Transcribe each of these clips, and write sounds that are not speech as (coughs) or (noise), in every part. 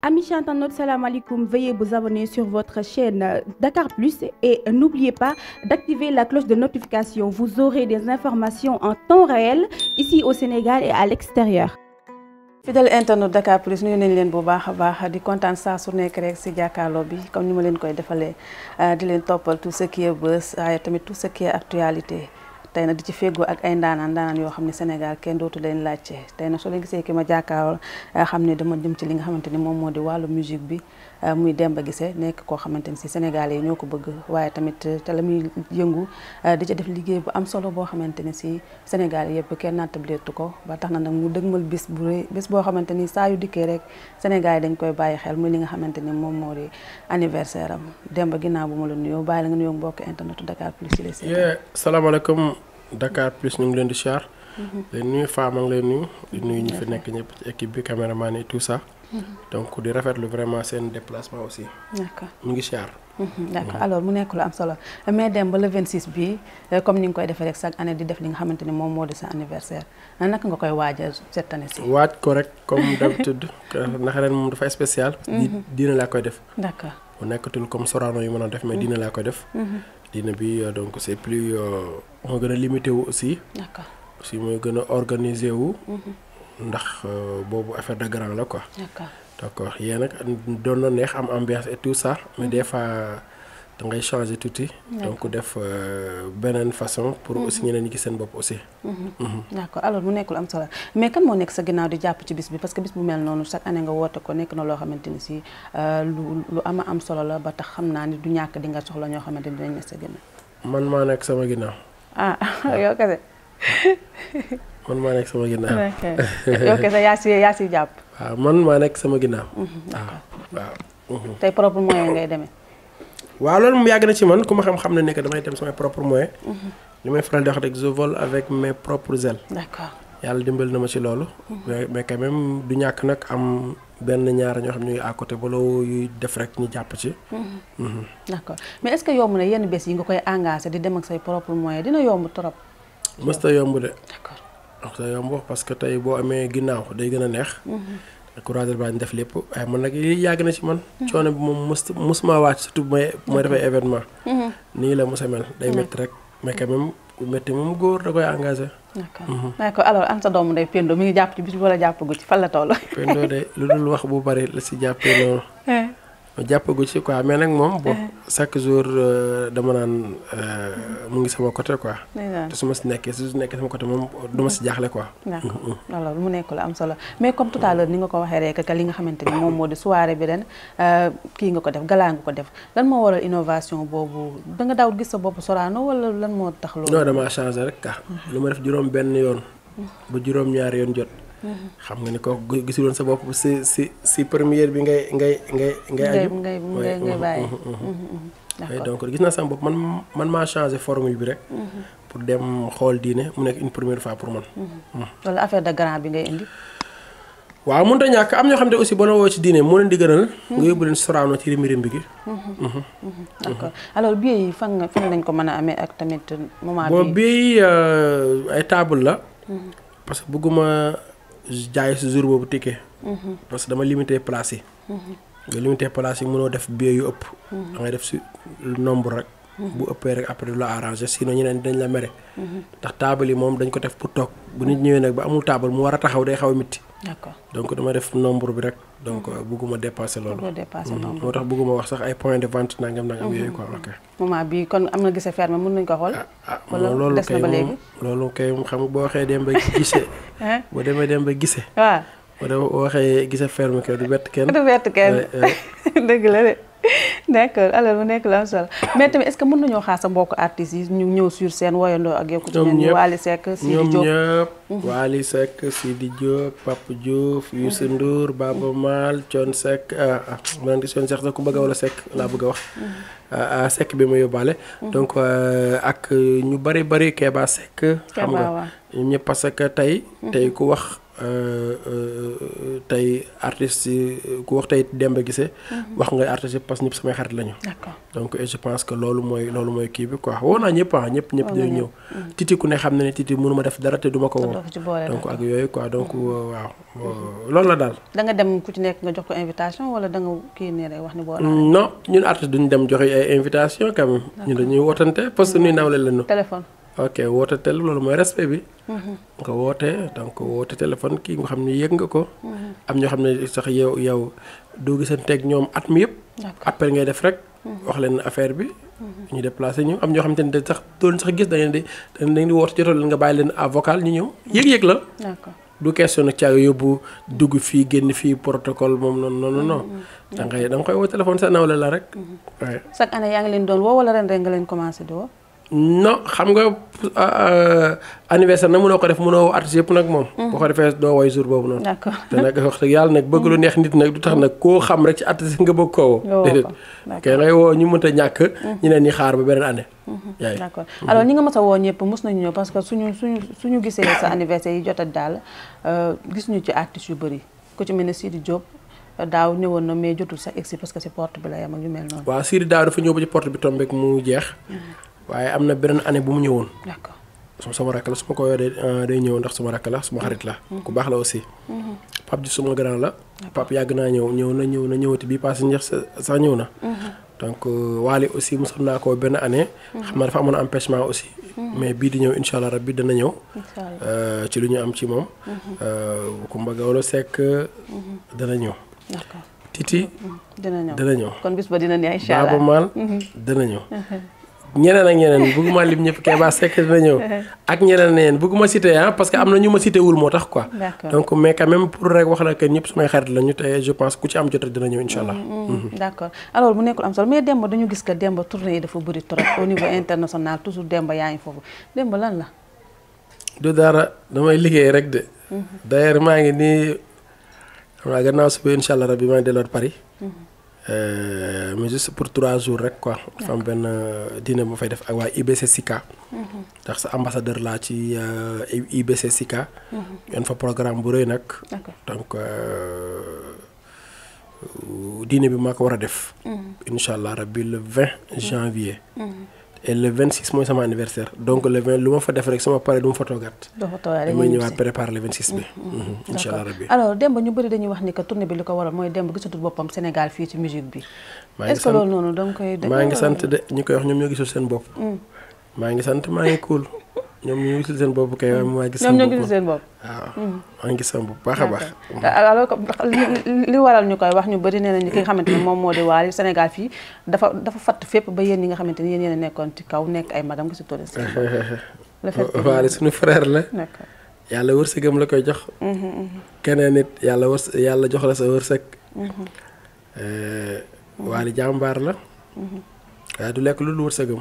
Amis chers internautes, salam alaikum. Veuillez vous abonner sur votre chaîne Dakar Plus et n'oubliez pas d'activer la cloche de notification. Vous aurez des informations en temps réel ici au Sénégal et à l'extérieur. fidèle internet Dakar nañ leen bu baax a baax di kontaan saa su nekk rek si jàkkaarloo bi comme ni ma leen koy defalee di leen toppal tout ce qui est buzz waaye tamit tout ce qui est actualité. tey nag di ci féggoo ak ay ndaanaan ndaanaan yoo xam ne Sénégal kenn dootu leen laajte tey nag soo leen gisee ki ma jàkkaarloo eh, xam ne dama dem ci li nga xamante ni moom moo di wàllu musique bi eh, muy Demba Guissé nekk koo xamante ni si Sénégal ñoo ko bëgg waaye tamit eh, te la muy yëngu di ca def liggéey bu am solo boo xamante ni si Sénégal yëpp kenn nattableetu ko ba tax na nag mu dëgmal bis bu rëy boo xamante ni saa yu dikkee rek Sénégal dañ koy bàyyi xel muy li nga xamante ni moom moo di anniversaire am Demba ginnaaw bu ma la nuyoo bàyyi la nga nuyoo mbokk internetu Dakar plus ci les salaamaaleykum Dakar plus ñu ngi leen di char mhm. di nuyu Fama ngi lay nuyu di mhm. nuyu ñu fi nekk ñëpp ci équipe bi caméraman et tout sax mhm. donc di rafetlu vraiment seen déplacement aussi. d'accord mu ngi char d'accord alors mu nekk lu am solo mais dem ba le 26 bi euh, comme ni nga koy defee rek chaque année di def li nga xamante ni moom moo di sa anniversaire naka nga koy waaja cette année ci. waaj ko rek comme d'habitude (laughs) ndax ren moom dafa spécial. dina laa koy def. d'accord. mu nekkatul comme Sorano yi mën a def mais mm-hmm. dina laa ko def. Mm-hmm. dina bi euh, donc c'est plus euh, moo gën a limité aussi. d'accord aussi mooy gën a organisé wu. Mm-hmm. ndax euh, boobu affaire de grand la quoi. d'accord d'accord nag doon neex am ambiance et tout ça mais des fois. da ngay changer tuuti. donc def euh, beneen façon. pour mhm. aussi ñeneen ñi gis seen bopp aussi. Mhm. Mhm. d' accord alors mu nekk lu am solo mais kan moo nekk sa ginnaaw di jàpp ci bis bi parce que bis bu mel noonu chaque année nga woote ko nekk na loo xamante ni si euh, lu lu ama am solo la ba tax xam naa ni du ñàkk di nga soxla ñoo xamante ni dinañ sa ginnaaw. man maa nekk sama ginnaaw. ah (laughs) yow kese. (laughs) man maa nekk sama ginnaaw. ok (laughs) yow kese yaa si yaa jàpp. waaw ah, man maa sama ginnaaw. waaw loolu mu yàgg na ci man ku ma xam-xam ne nekk damay dem samay propres moyens. Mhm. li may faral di wax rek je vole avec mes propres ailes. yàlla dimbali na ma ci loolu. Mhm. mais mais du ñàkk nag am benn ñaar ñoo xam ne à côté bolo yuy def rek ñu jàpp ci. Mhm. d'accord mais est-ce que yomb na yenn bés yi nga koy engagé di dem ak say propres moyens dina yomb trop. mës ta yomb de. d'accord mës parce que tey boo amee ginnaaw day gën a neex. courant de bras ñu def lépp waaye man nag lii yàgg na ci man. coono bi moom mos mosuma wàcc surtout bu may bu may defee événement. Mhm. nii la mos a day mhm. métti rek mais quand même ku métti góor da koy engagé. d' accord d' mhm. accord alors am sa doomu ndey Pendo mi ngi jàpp ci bis wala jàppagu ci fan la toll. Pendo de lu dul wax bu bari la si jàppee noonu. (laughs) Eh. ma jàppagu ci quoi mais nag moom. bo eh. chaque jour euh, dama naan euh, mu ngi sama côté quoi. te su ma si nekkee su nekkee sama côté moom du ma si jaaxle quoi. d'accord mm-hmm. alors mu nekk am solo mais comme tout ni nga ko waxee rek que li nga xamante ni moom moo di soirée bi ren euh, kii nga ko def galaa nga ko def lan moo waral innovation boobu da nga daaw gis sa bopp Sorano wala lan moo tax loolu. non damaa changé rek ah. lu ma def juróom benn yoon. bu juróom ñaari yoon jot. xam nga ni ko gisuloon sa bopp si si si première bi ngay ngay ngay ngay aju ngay ngay mhm, bàyyi mhm, mhm. d'accord donc gis naa sama man man maa changé formule bi rek pour dem xool diine mu nekk une première fois pour man wala affaire de grand bi ngay indi waaw mënut a ñàkk am ñoo xam ne aussi boo la woo ci diine moo leen di gënal. nga yóbbu leen Sorano ci rimbi rimbi gi. d'accord alors billets yi fan nga fan lañ ko mën a amee ak tamit moment bi. bon yi euh, ay table la. parce bëgguma jaay si jour boobu ticket. Mhm. parce que dama limité place yi. Mhm. nga limité place yi mënoo def billet yu ëpp. Mhm. da ngay def si nombre rek. bu ëppee rek après du la arrangé sinon ñeneen dañ la mere. ndax taabal yi moom dañ ko def pour toog bu nit ñëwee nag ba amul taabal mu war a taxaw day xaw a mitti. d'accord donc dama def nombre bi rek donc euh, bëgguma dépasser loolu. bëgguma dépasser mm-hmm. moo tax bëgguma wax sax ay point de vente nangam nangam yooyu quoi ok. Mm-hmm. moment bi kon am na gise ferme mën nañ ko xool. Ah, ah, wala des na ba léegi loolu kay moom xam nga boo waxee dem ba gisee. (laughs) boo demee dem ba gisee. waaw boo waxee gise ferme kay du bett kenn. (laughs) du bett kenn (laughs) dëgg la de. (laughs) d'accord alors mu nekk la am solo mais tamit est-ce que mën nañoo xaar sa mbokk artistes yi ñu ñëw sur seen woyandoo ak yow. ñoom ñëpp Wally Seck Sidi Diop ñoom ñëpp. Mhm. Wally Seck Sidi Diop Pape Diouf Youssou mhm. Ndour Maal Thione Seck ah ah ma naan Thione Seck ku bëgg a wala laa bëgg a wax. ah bi ma yóbbaale. donc euh, ak ñu bari bari Keba Seck. xam nga ñoom ñëpp parce que tey. tey ku wax. Euh, euh, euh, tey artistes yi ku wax tey Demba Guissé mhm. wax ngay artistes yi parce que samay xarit lañu. donc et je pense que loolu mooy loolu mooy kii bi quoi woo naa ñëpp ah ñëpp ñëpp dinañ ñëw. Mm. titi ku ne xam na ne titi mënuma def dara te duma ko woo. donc ak yooyu quoi donc mm-hmm. waaw loolu la daal. da nga dem ku ci nekk nga jox ko invitation wala danga nga kii nii rek wax ni boo. Mm, non ñun artistes duñ dem joxe ay invitation quand même. ñun dañuy wootante parce que ñuy mm-hmm. nawle lañu. téléphone. ok woote tel loolu mooy respect bi. Mhm. nga woote donc woote téléphone kii nga xam ne yëg nga ko. Mhm. am ñoo xam ne sax yow yow doo gisanteeg ñoom at mi yëpp. appel ngay def rek. Mhm. wax leen affaire bi. ñu déplacé ñu am ñoo xamante ne sax doon sax gis da ngeen da ngeen di woote jotoo nga bàyyi leen à vocal ñu ñëw yëg-yëg la. du question nag caaga yóbbu dugg fii génn fii protocole moom noonu noonu non. da ngay da nga koy woo téléphone sa la rek. chaque leen doon ren rek nga leen commencé di non xam nga ah, ah, anniversaire na mënoo ko def mënoo artiste yëpp nag moom. Mm-hmm. boo ko defee doo woy jour boobu noonu. d'accord (laughs) te nag wax dëgg yàlla nag bëgg lu neex nit nag du tax nag koo xam rek ci artiste nga bëgg ñu mënta ñàkk. Mm-hmm. ñu xaar ba beneen année. Mm-hmm. yaay d'accord alors ñi nga mos woo ñëpp mos nañu ñëw parce que suñu suñu suñu gisee sa yi jot a daal euh, gis ñu ci artistes yu bëri ku ci mel ne Sidi Diop. daaw ñëwoon na mais jotul sa egsi parce que si porte bi la yam ak yu mel noonu. waaw Sidi daaw dafa ñëw ba ci porte bi tombé mu jeex waaye am na beneen année bu mu ñëwoon. d'accord sama rakk la su ma ko yoree day euh, ñëw ndax sama rakk la suma xarit la. Mm-hmm. ku baax la aussi. Mm-hmm. Pape ji suma grand la. pap yàgg naa ñëw ñëw na ñëw na ñëwati bii passé ñeex sa ñëw na. Mm-hmm. donc euh, waale aussi mosoon naa ko benn année. xam naa dafa amoon empêchement aussi. mais bii di ñëw incha allah bi dana ñëw. Euh, ci lu ñu am ci moom. Kumba Gawlo Seck dana ñëw. Titi. dana ñëw dana ñëw kon bis ba dina dana ñëw. ñeneen ak ñeneen bëgguma lim ñëpp Kéba Seck dina ñëw. (laughs) ak ñeneen ñeneen bëgguma cité ah parce que am na ñu ma cité wul moo tax quoi. donc mais quand même pour rek wax la que ñëpp sumay xarit lañu te je pense ku ci am jot dina ñëw incha allah. Mm, mm, mm-hmm. d' accord alors mu nekkul am solo mais Demba dañu gis que Demba tournée yi dafa bëri trop au niveau international toujours Demba yaa ngi foofu Demba lan la. du dara damay liggéey rek de. Mm-hmm. d' ailleurs maa ngi nii xam naa gannaaw suba incha allah rabi maa Euh, mais juste pour trois jours rek quoi. dafa am benn euh, dîner bu fay def ak waa IBC mhm. ndax sa ambassadeur laa ci euh, IBC mhm. yoon fa programme bu rëy nag. donc dîner bi ma ko war a def. Mhm. incha allah rabbi le vingt janvier. et le 26 mooy sama anniversaire donc lu ma fa def rek sama pare du ma fa toogaat. doo fa toogaat damay bi. incha allah rabbi alors Demba ñu bëri dañuy wax ni que tournée bi li ko waral mooy Demba gisatul boppam Sénégal fii ci musique bi. est loolu noonu da koy. maa wax ñoom ñoo gisul seen bopp. Mm. maa ngi sant maa ngi cool. (laughs) ñoom ñu ngi gis seen bopp kay waaye maa seen bopp ñoom gis seen bopp. waaw hmm. maa ngi gis seen bopp baax a baax. li waral ñu koy wax ñu bari nee nañu ki nga xamante ne moom moo di Wally Sénégal fii dafa dafa fatt fépp ba yéen ñi nga xamante ne yéen yéen ci kaw nekk ay magam gis nga seen (laughs) bopp. Wally suñu frère la. yàlla wërsëgam la koy jox. Hmm, hmm, keneen nit yàlla wërs yàlla jox la sa wërsëg. Eh, Wally jàmbaar la. waaye du lekk lu dul wërsëgam.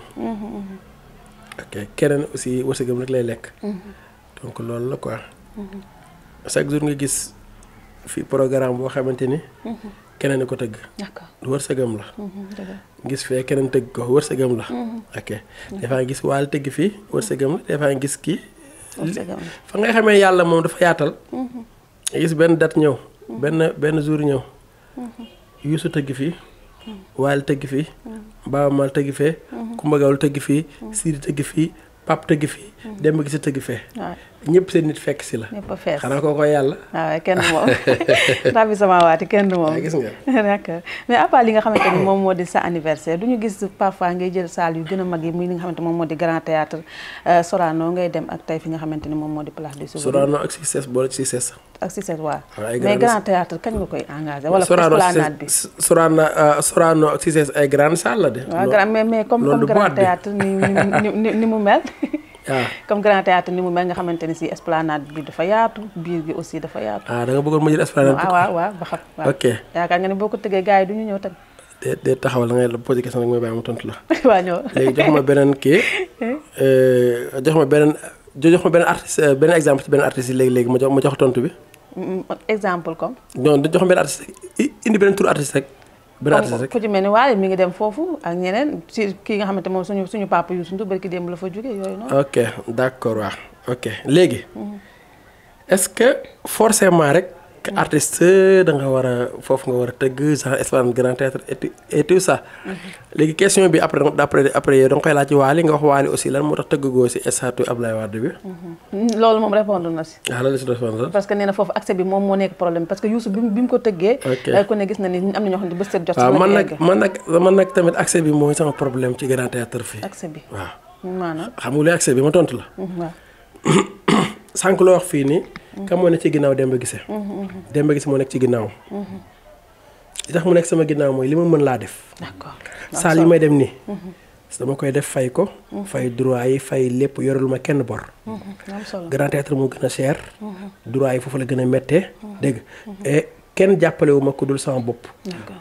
ok keneen aussi wërsëgam rek lay lekk. Mhm. donc loolu la quoi. Mhm. chaque jour nga gis fi programme boo xamante ni. Mhm. keneen a ko tëgg. d'accord wërsëgam la. gis fee keneen tëgg ko wërsëgam la. ok des nga gis waal tëgg fii wërsëgam la des nga gis kii. fa ngay xamee yàlla moom dafa yaatal. nga gis benn date ñëw. benn benn jour ñëw. yuusu tëgg fii. waal tëgg fii. Baaba Maal tëgg fee mhm. Kumba Gawlo tëgg fii mhm. Sidi tëgg fii Pape tëgg fi mhm. Demba Gise tëgg fee ñëpp seen nit fekk si la. ñëpp a fees xanaa kooko yàlla. waaw ah, kenn moom rabbi (laughs) sama waati kenn ah, moom. moo di sa anniversaire du ñu gis parfois ngay jël salle yu gën a mag yi muy li nga xamante moom moo di grand théâtre euh, Sorano ngay dem ak tey fi nga xamante ni moom moo di place du Souvenir. Sorano ak succès boole succès. ak succès waaw. Ah, mais grand théâtre kañ nga koy engagé. wala esplanade bi Sorano euh, Sorano ak succès ay grande salle la de. mais mais comme (laughs) waaw ah. comme grand théâtre ni mu mel nga xamante ni si esplanade bi dafa yaatu biir gi aussi dafa yaatu. ah da nga bëggoon ma jël esplanade. waaw ah, waaw waaw ba xam. ok yaakaar nga ne boo ko tëggee gars yi du ñu ñëw tamit. de de taxawal ngay la posé question rek mooy bàyyi ma tontu la. (laughs) waaw ñëw léegi jox ma beneen kii (laughs) eh? euh, jox ma beneen jox ma beneen artiste euh, beneen exemple ci beneen artiste yi léegi léegi ma jox ma jox tontu bi. Mm, mm, exemple comme. non jox ma beneen artiste indi beneen tur artiste rek. baraatise rek ku ci mel ni waaye mi ngi dem foofu ak ñeneen ci kii nga xamante moom suñu suñu papa yu suñu barki démb la fa jóge yooyu noonu. ok d' accord waaw ok léegi. Mm-hmm. est ce que forcément rek que artiste da war a foofu nga war a tëgg grand théâtre et tout ça. léegi question bi après après koy laaj ci nga wax Wally aussi lan moo tax tëggagoo si estatu Ablaye Wade bi. Mhm. loolu moom répondre na si. ah loolu si répondre parce que nee foofu accès bi moom moo nekk problème parce que Youssou bi mu ko tëggee. ok ku ne gis na ni am na ñoo xam ne bés set jot. waaw man nag man nag man nag tamit accès bi mooy sama problème ci grand la. Mhm, (coughs) sànq loo wax fii nii. kam moo nekk ci ginnaaw Demba Guissé. Mm-hmm, mm-hmm. Demba Guissé moo nekk ci ginnaaw. Mm-hmm. li tax mu nekk sama ginnaaw mooy li ma mën laa def. d'accord saal yi may dem nii. dama koy def fay ko. fay droit yi fay lépp yorelu kenn bor. grand théâtre moo gën a cher. droit yi foofu la gën a méttee dégg kenn jàppale ma ku dul sama bopp.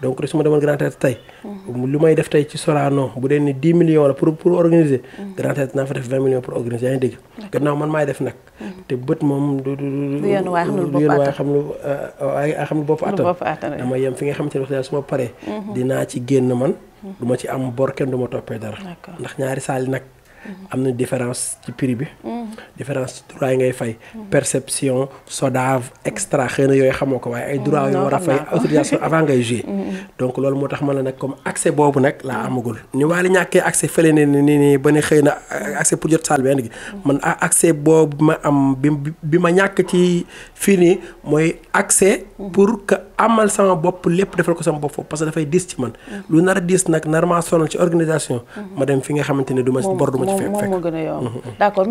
donc rek su ma demoon Grand Théâtre tey. Mhm. lu may def tey ci Sorano bu dee ni 10 millions la pour pour organiser. Mhm. Grand Théâtre naa fa def 20 millions pour organiser yaa ngi dégg. gannaaw man maay def nag. Mhm. te bët moom du du du. du yoon waaye xam waaye xam euh, lu bopp attan dama yem fi nga xam ne wax su ma pare dinaa ci génn man. duma ci am bor kenn du ma toppee dara. ndax ñaari saali nag. am na différence ci prix bi. différence ci droit yi ngay fay. perception SODAV extra xëy na yooyu xamoo ko waaye ay droit mm, yoo war a fay autorisation avant ngay jouer. Mm, mm. donc loolu moo tax ma la nag comme accès boobu nag laa amagul ni Wally ñàkkee accès fële ne ni nii ba ne xëy na euh, accès pour jot salle benn gi man ah, accès boobu ma am bi bi ma ñàkk ci fii nii mooy accès pour que. amal sama bopp lépp defal ko sama bopp foofu parce que dafay diis ci man. lu nar a diis nag nar maa sonal ci organisation. ma dem fi nga xamante ne du a yomb. Mm-hmm. d' accord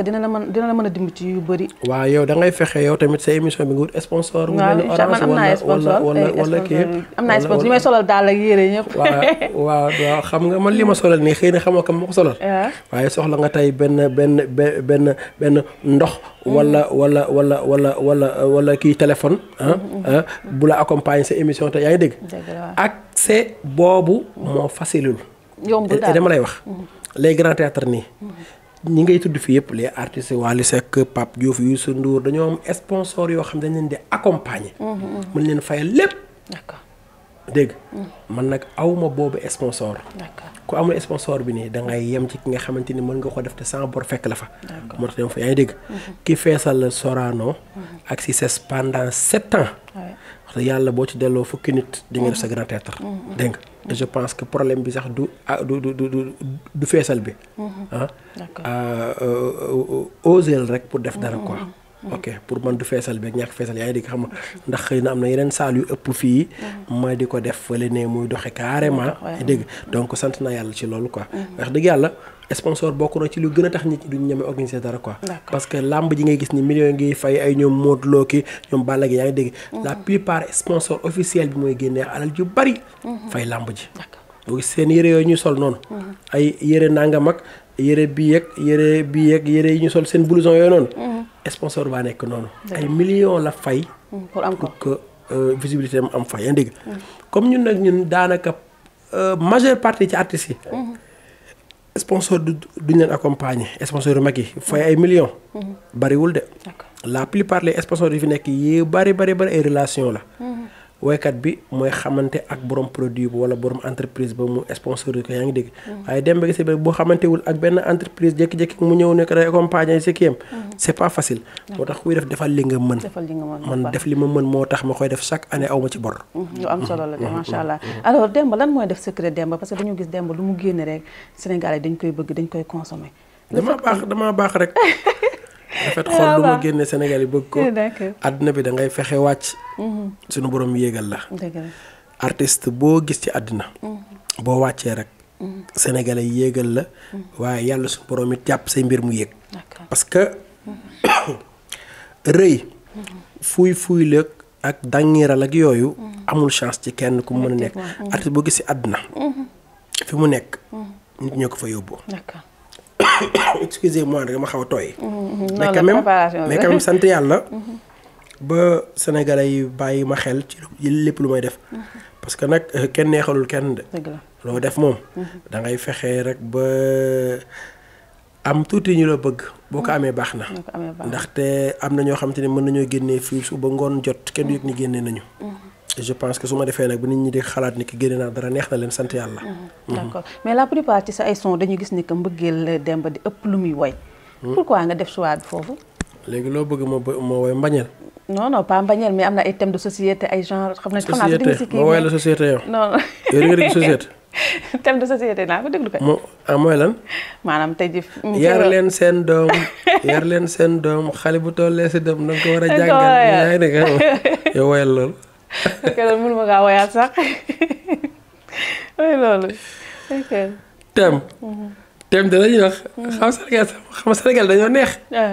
a dimbali ci yu bëri. waaw yow da ngay fexe nga wut sponsor. waaw incha allah am naa sponsor wala wala eh, kii. Eh, am naa sponsor li solal daal ak yére ñëpp. waaw waaw waaw xam nga man li ma solal nii xëy na xamoo kam ma ko solal. Ah. waaye soxla nga tey benn benn benn benn ndox. wala wala wala wala wala la kii téléphone. bu la accompagner sa émission te yaa ngi dégg. accès boobu moo facilul. yombul dama lay wax. Mhm. les grands théâtres nii. Mhm. ñi ngay tudd fii yëpp les artistes Wally Seck Pape Diouf su Ndour dañoo am sponsor yoo xam dañ leen di accompagner. Mhm, mën leen fayal lépp. d'accord dégg man nag awma boobu sponsor. d'accord ku amul sponsor bi nii da ngay yem ci ki nga xamante ni mën nga ko def te sans bor fekk la fa. moo tax dem fa yaa ngi dégg. Mhm. ki feesal Sorano. Mhm. ak Cices pendant sept ans. wax dëgg yàlla boo ci delloo fukki nit di nga def sa mhm. grand théâtre. dégg nga je pense que problème bi sax du ah, du du du du feesal bi. ah. ah euh, euh, rek pour def dara quoi. Mm-hmm. ok pour man du feesal beeg ñàkk feesal yaa ngi di ko ndax xëy na am na yeneen saal yu ëpp fii. Mm-hmm. ma di ko def fële ne muy doxe carrément. Mm-hmm. dégg donc sant naa yàlla ci loolu quoi. wax dëgg yàlla sponsor bokk na ci lu gën a tax nit ñi duñ ñeme organiser dara quoi. parce que làmb ji ngay gis ni millions ngi fay ay ñoom Modou Lo ñoom Balla gi yaa ngi dégg. la plupart sponsor officiel bi mooy génnee alal ju bari. fay làmb ji. boo gis seen yére yooyu ñu sol noonu. ay yére nangam ak yére bii yeeg yére bii yeeg yére yi ñu sol seen blouson yooyu noonu. sponsor baa nekk noonu. ay millions la fay. Mm, pour am ko euh, visibilité am am fay yaa dégg mm. comme ñun nag ñun daanaka euh, majeure partie ci artistes yi. Mm-hmm. sponsor du duñ leen accompagner sponsor yu mag yi fay ay millions. Mm-hmm. bariwul de. la plupart les sponsors yi fi nekk yi bari bari bari ay relation la. Mm-hmm. woykat bi mooy xamante ak borom produit bu wala borom entreprise ba mu sponsorisé ko yaa ngi dégg. Mm. waaye dem ba gis nga boo ak benn entreprise jékki mu ñëw nekk day accompagner si kiyam. Mm. c'est pas facile. moo tax kuy def defal li nga mën. man def li ma mën moo tax ma koy def chaque année aw ma ci bor. Mm, lu la de macha allah alors Demba lan mooy def secret Demba parce que dañu gis demb lu mu génne rek Sénégal yi dañ koy bëgg dañ koy consommer. damaa baax damaa baax rek. (laughs) rafet (laughs) xool lu ah, ma génne Sénégal yi bëgg ko eh, àdduna bi da ngay fexe wàcc mm-hmm. suñu borom yéegal la artiste boo gis ci àddina mm-hmm. boo wàccee rek mm-hmm. Sénégalais yéegal la waaye yàlla suñu borom jàpp say mbir mu yéeg parce que (coughs) rëy fuuy fuuy ak dàngiral ak yooyu amul chance ci kenn ku mën a nekk artiste boo gis ci àddina fi mu nekk nit ñoo ko fa yóbbu (coughs) excusez-moi dama xaw a tooy. (coughs) Mm-hmm, mm-hmm. mais quand même mais quand sant yàlla. (laughs) Mm-hmm. ba sénégalais yi bàyyi ma xel ci lépp lu may def. parce que nag euh, kenn neexalul kenn de. loo def moom. da ngay fexe rek ba am tuuti ñu la bëgg. boo ko amee baax na. ndaxte am na ñoo xam te ne mën nañoo génnee fii su ba ngoon jot kenn yëg ni génne nañu. je pense que su ma defee nag bu nit ñi di xalaat ni ki génne naa dara neex na leen sant yàlla. Mhm. Mhm. d'accord mais la plupart ci sa ay son dañu gis ni que mbëggeel Demba di ëpp lu muy woy. Hmm. pourquoi nga def choix bi foofu. léegi loo bëgg ma ma woy mbañeel. non non pas mbañeel mais am na ay thèmes de société ay genre. xam nañu xanaa dinañu si kii ma woy la société yow. non non (laughs) yow nga dégg société. (laughs) thème de société naa ko déglu kay. mo ah mooy lan. maanaam tey jii. yar leen seen (laughs) doom yar leen seen doom xale bu tollee si doom da ko war a jàngal. yaa ngi ah, ok (laughs) loolu mënuma kaa woyaat sax (laughs) mooy loolu. ok. thème. Mhm. wax. Mhm. xam Sénégal xam Sénégal dañoo neex. Ah,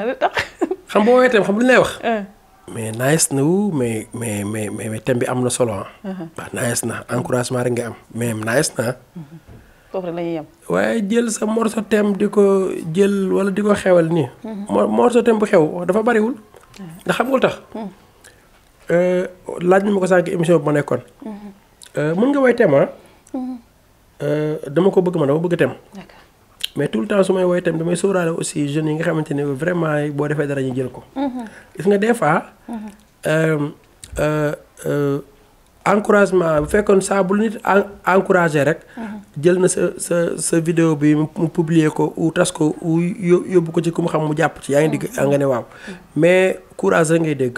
(laughs) xam boo woowee thème xam lu ñu lay wax. Ah. mais nice na wu mais mais mais bi am na solo ah. waaw nice na na mhm. foofu rek la ñuy yem. waaye jël sa morceau thème di ko jël wala di ko xewal nii. morceau thème bu xew dafa bariwul. Ah. ndax xam nga tax. Hmm. Euh, laaj na ma ko sànq émission bi ma nekkoon. mën mhm. euh, nga way thème ah. Mhm. Euh, dama ko bëgg ma dama bëgg thème. mais tout le temps su may woy tamit damay sóoraale aussi jeunes yi nga xamante ne vraiment boo defee dara ñu jël ko. Mhm. gis nga des fois. encouragement bu fekkoon saa bu nit encouragé rek. jël na sa sa sa vidéo bi mu publier ko ou tas ko ou yóbbu ko ci ku mu xam mu jàpp ci yaa ngi digg nga ne waaw mais courage ngay dégg.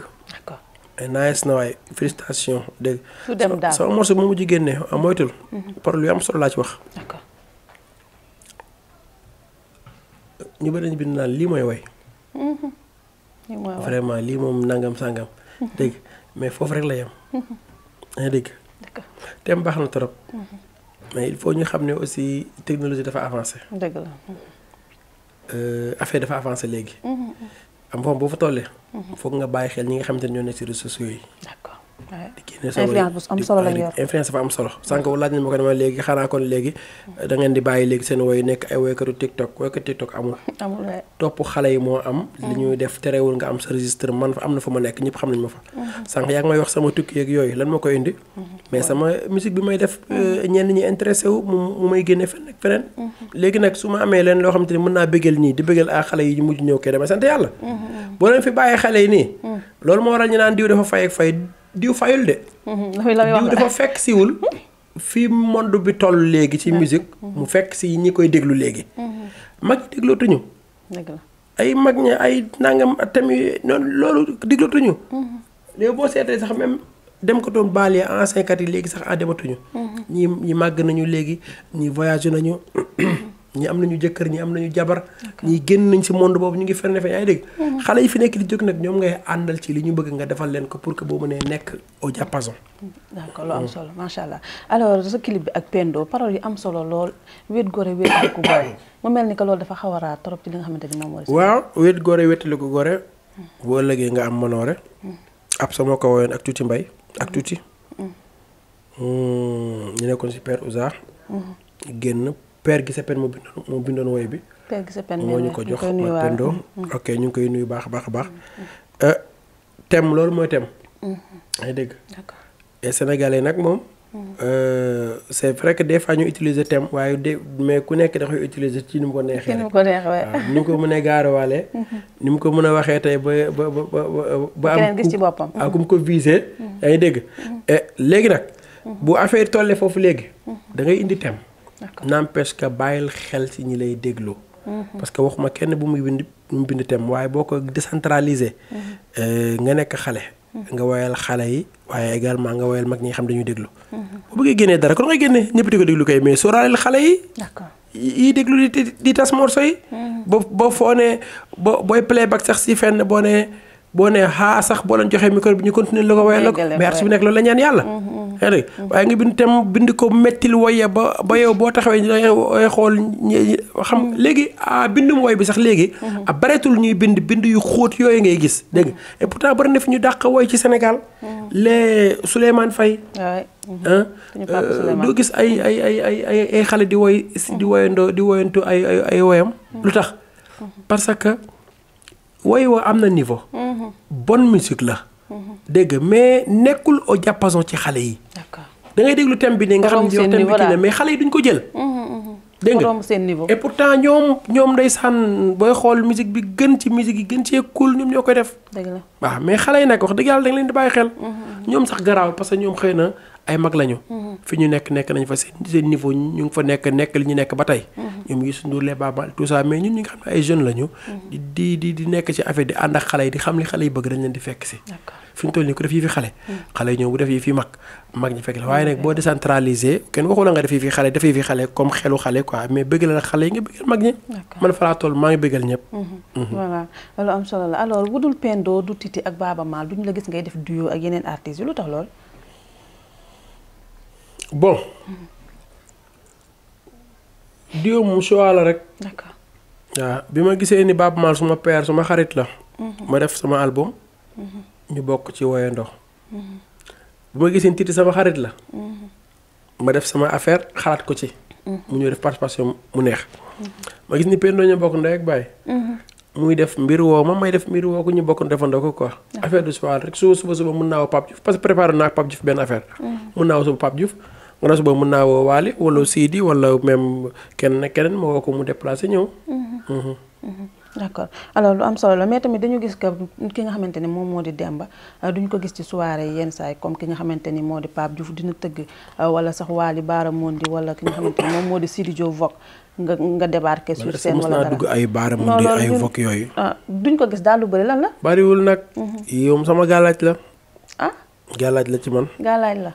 Eh, nice na waaye félicitation dégg su dem daal sama morceau bi mu mujj génne ah, moytul. Mhm. par lu am solo laa ci wax. ñu bëri nañu bind naan lii mooy way. Mhm. lii lii moom nangam sangam. Mhm. dégg mais foofu rek la yem. nga dégg. d'accord baax na trop. mais il faut ñu xam ne aussi technologie dafa avancé. dëgg euh, affaire dafa avancé léegi. am foofu boo fa tollee. foog nga bàyyi xel ñi nga xamante ne ñoo nekk ci yi. influence bu am solo la yor influence dafa am solo sànq laaj na ma ko dama léegi xanaa kon léegi da ngeen di bàyyi léegi seen woy nekk ay woykatu tiktok woykatu tiktok amul amul topp xale yi moo am li mm. ñuy def terewul nga am sa registre man fa am na fa ma nekk ñëpp xam nañ ma fa mm-hmm. sànq yaa ngi may wax sama tukki yooyu lan ma koy indi mm-hmm. mais sama musique bi may def mm-hmm. euh, ñenn ñi intéressé wu mu may génne feneen feneen léegi nag su ma amee leen loo xam te ni mën naa bégal nii di bégal a xale yi ñu naan diw fayul de. Mhm, diw dafa fekk siwul. fi monde bi toll léegi ci hmm. musique mu hmm. fekk si ñi koy déglu léegi. Hmm. mag ñi déglootuñu. ay mag ña ay nangam thèmes yi loolu déglootuñu. léegi boo seetee sax même dem ko doon baale ancien kat yi léegi sax adematuñu ah, dematuñu. ñi ñi màgg nañu léegi ñi voyagé nañu. ñi am nañu jëkkër ñi am nañu jabar ñi génn nañ si monde boobu ñu ngi fenn fee yaa ngi mhm. xale yi fi nekk di jóg nag ñoom ngay àndal ci li ñu bëgg nga defal leen ko pour que boo mënee nekk au diapason d'accord am mhm. solo macha allah alors sa clip bi ak Pendo parole yi am solo lool wéet gore wéet ku mel ni que loolu dafa xaw a raar trop ci li nga xamante ni moom waaw wéet gore wéetali ko gore woo lëgee nga am manoore mhm. ab sama ko woyoon ak tuuti mbay ak tuuti hmm, ñu nekkoon si Père Ousa génn père gi sa pen moo bindoon moo bindoon woy bi. père gi sa pen moo ñu ko jox Pendo mm-hmm. ok ñu koy nuyu baax a baax a baax. Mm-hmm. Euh, thème loolu mooy thème. Mm-hmm. ay dégg. et sénégalais nag moom. Euh, c' est vrai que des fois ñu utiliser thème waaye de mais ku nekk da koy utiliser ci ni mu ko neexee. ni mu ko neexee waaye ni mu ko mënee gaarawaale. ni mu ko mën a waxee tey ba ba ba ba. keneen gis ci boppam akum ko visé. ay ngi dégg. léegi nag. bu affaire tollee foofu léegi. da ngay indi thème. n'empêche que bàyyil xel ci ñi lay déglu. Mhm. parce que waxuma kenn bu muy bind mu bind tem waaye boo ko décentralisé. Mhm. Euh, nga nekk xale. Mhm. nga woyal xale yi waaye également nga woyal mag ñi xam dañuy déglu. bu bëggee génnee dara kon nga génne ñëpp ko déglu kay mais sóoraaleel xale yi. yi déglu di di tas morso yi. boo boo foo boo booy playback sax si fenn boo nee. boo nee xaa sax boo leen joxee micro bi ñu continuer la ko woyee la ko mais artiste bi nekk loolu la ñaan yàlla mm-hmm. Mm-hmm. yaa waaye nga bind tam bind ko mettil woyee ba ba yow boo taxawee day xool xam mm-hmm. léegi a bindum bi sax léegi a bareetul ñuy bind bind yu xóot yooyu ngay gis dégg nga fi ñu dàq woy ci Sénégal les Souleymane fay euh, doo gis ay ay ay ay ay xale di woy di woyandoo di woyantu ay ay ay woyam lu tax parce que woy wa am na niveau. bon musique la. dégg mais nekkul au diapason ci xale yi. da ngay déglu thème bi ne nga xam ne thème bi kii la mais xale yi duñ ko jël. dégg nga seen niveau et pourtant ñoom ñoom ndeysaan booy xool musique bi gën ci musique yi gën cee cool ñoom ñoo koy def. dëgg la waaw mais xale yi nag wax dëgg yàlla da leen di bàyyi xel. ñoom sax garaawul parce que ñoom xëy na ay mag lañu. Mhm. fi ñu nekk nekk nañ fa seen niveau ñu ngi fa nekk nekk li ñu nekk ba tey. Mhm. ñoom Youssou Ndour les Baaba tout ça mais ñun ñi nga xam ne ay jeunes lañu. Mhm. di di di nekk ci affaire di ànd ak xale yi di xam li xale yi bëgg dañ fi ñu toll nii ku def mag mag ñi fekk la waaye nag boo décentralisé kenn waxu la nga def yi fi xale def fi xale comme xelu xale quoi mais bëggal la xale yi nga bëggal mag ñi man fa laa toll maa ngi bëggal ñëpp voilà loolu am solo la alors du Titi ak Baaba gis ngay def duo ak yeneen artistes yi lu bon diw moom la rek. d'accord bi ma gisee ni Baaba Maal suma père suma xarit la. Mhm. ma def sama album. Mhm. ñu bokk ci woyandoo. Mhm. bi ma gisee Titi sama xarit la. ma def sama affaire xalaat ko ci. mu ñëw def participation mu neex. ma gis ni Pendo ñu bokk ndey ak baay. muy def mbir woo ma may def mbir woo ko ñu bokk defandoo ko quoi. affaire du soir rek suba suba mun naa woo Pape Diouf parce que naa ak Pape Diouf benn affaire. mun naa woo suba Pape Diouf. nga ne suba mën naa woo waale wala Sidi wala même kenn keneen ma woo ko mu déplacé ñëw. Mhm. Mhm. Mhm. d' accord alors lu am solo la mais tamit dañu gis que ki nga xamante ni moom moo di Demba euh, duñ ko gis ci soirée yi yenn saa yi comme ki nga xamante ni moo di Pape Diouf dina tëgg euh, wala sax Waly Baara di wala ki nga xamante ni moom moo di Sidi Diop Vogue nga nga débarqué sur scène wala dara dugg ay Baara Mondi ay Vogue yooyu. Ah, duñ ko gis daal lu bëri lan la. bariwul nag. yow sama gàllaaj la. ah. la ci man. gàllaaj la.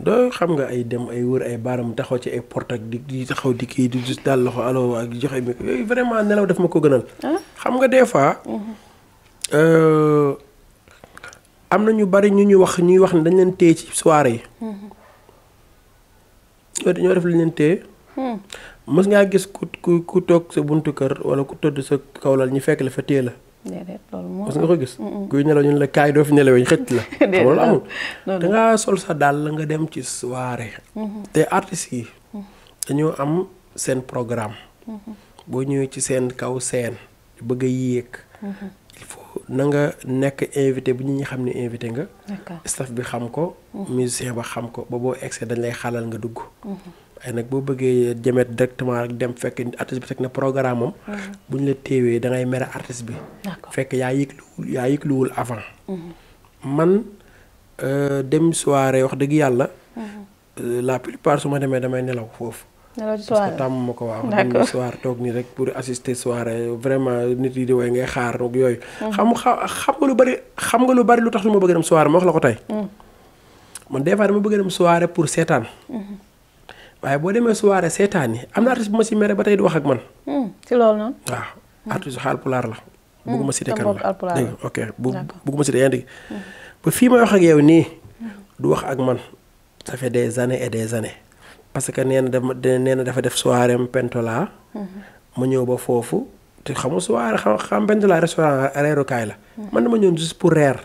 doo xam nga ay dem ay wër ay baaram taxaw ci ay porte ak di taxaw di kii di daal loxo allo ak joxe mi yooyu vraiment nelaw daf ma ko gënal. Ah. xam nga des fois. Mm-hmm. Euh, am na ñu bari ñu ñuy wax ñuy wax ne dañ leen téye ci soire yi. Mm-hmm. ñoo def leen téye. Mm. mës ngaa gis ku ku ku toog sa buntu kër wala ku tëdd sa kawlal ñu fekk la fa téye la. déedéet parce nga ko gis. kuy nelaw ñu la kaay doo fi nelawee xëcc la. (laughs) déedéet loolu amul da ngaa sol sa dàll nga dem ci soirée. Mm-hmm. te artistes yi. Mm-hmm. dañoo am seen programme. Mm-hmm. boo ñëwee ci seen kaw seen bëgg a yéeg. il faut na nga nekk invité bu ñi xam ne invité nga. staff bi xam ko. musicien ba xam ko ba boo egsee dañ lay xalal nga dugg. waaye nag boo bëggee jëmet directement rek dem fekk artiste bi teg na programme am. Hmm. bu ñu la téewee da ngay mere artiste bi. fekk yaa yëgluwul yaa yëgluwul avant. Hmm. man euh, dem soirée wax dëgg yàlla. Hmm. Euh, la plupart su ma demee damay nelaw foofu. nelaw ci tàmm ma ko waaw. dem soirée toog nii rek pour assister soirée vraiment nit yi di woy ngay xaar ak yooyu. xam xam nga lu bari xam nga lu bari lu tax lu ma bëgg dem soirée ma wax la ko tey. man des fois dama bëgg dem soirée pour seetaan. waaye boo demee soirée seetaan yi am na artiste bu ma si mere ba tey du wax ak man. Hmm, si loolu noonu. waaw artiste Haalpulaar la. Hmm, bëgguma cité la dégg nga ok bëgguma cité yaa dégg ba fii may wax ak yow nii hmm. du wax ak man ça fait des années et des années parce que nee na dama nee na dafa def soirée am pentola ma ñëw ba foofu te xamul soirée xam xam pentola restaurant reerukaay la man dama ñëw juste pour reer